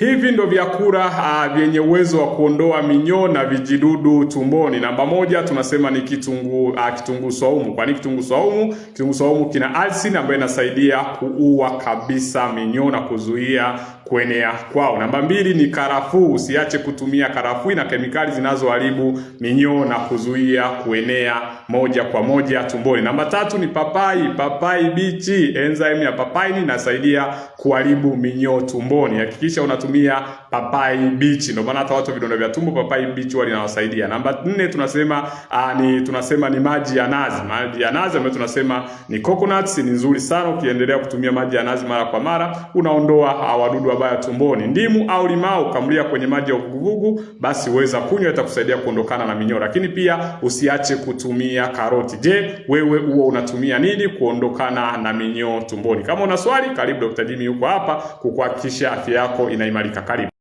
Hivi ndo vyakula ah, vyenye uwezo wa kuondoa minyoo na vijidudu tumboni. Namba moja tunasema ni kitunguu uh, kitunguu saumu. nini kitunguu saumu, kitunguu saumu kina alsin ambayo inasaidia kuua kabisa minyoo na kuzuia kuenea kwao. Namba mbili ni karafuu. Usiache kutumia karafuu, na kemikali zinazoharibu minyoo na kuzuia kuenea moja kwa moja tumboni. Namba tatu ni papai. Papai bichi, enzyme ya papaini inasaidia kuharibu minyoo tumboni. Hakikisha unatumia papai bichi, ndio maana hata watu vidonda vya tumbo, papai bichi huwa linawasaidia. Namba nne tunasema uh, ni tunasema ni maji ya nazi. Maji ya nazi ambayo tunasema ni coconuts, ni nzuri sana. Ukiendelea kutumia maji ya nazi mara kwa mara, unaondoa ah, wadudu mabaya tumboni. Ndimu au limau kamlia kwenye maji ya uvuguvugu, basi uweza kunywa, itakusaidia kuondokana na minyoo. Lakini pia usiache kutumia karoti. Je, wewe huo unatumia nini kuondokana na minyoo tumboni? Kama una swali, karibu Dr. Jimmy yuko hapa kukuhakikishia afya yako inaimarika. Karibu.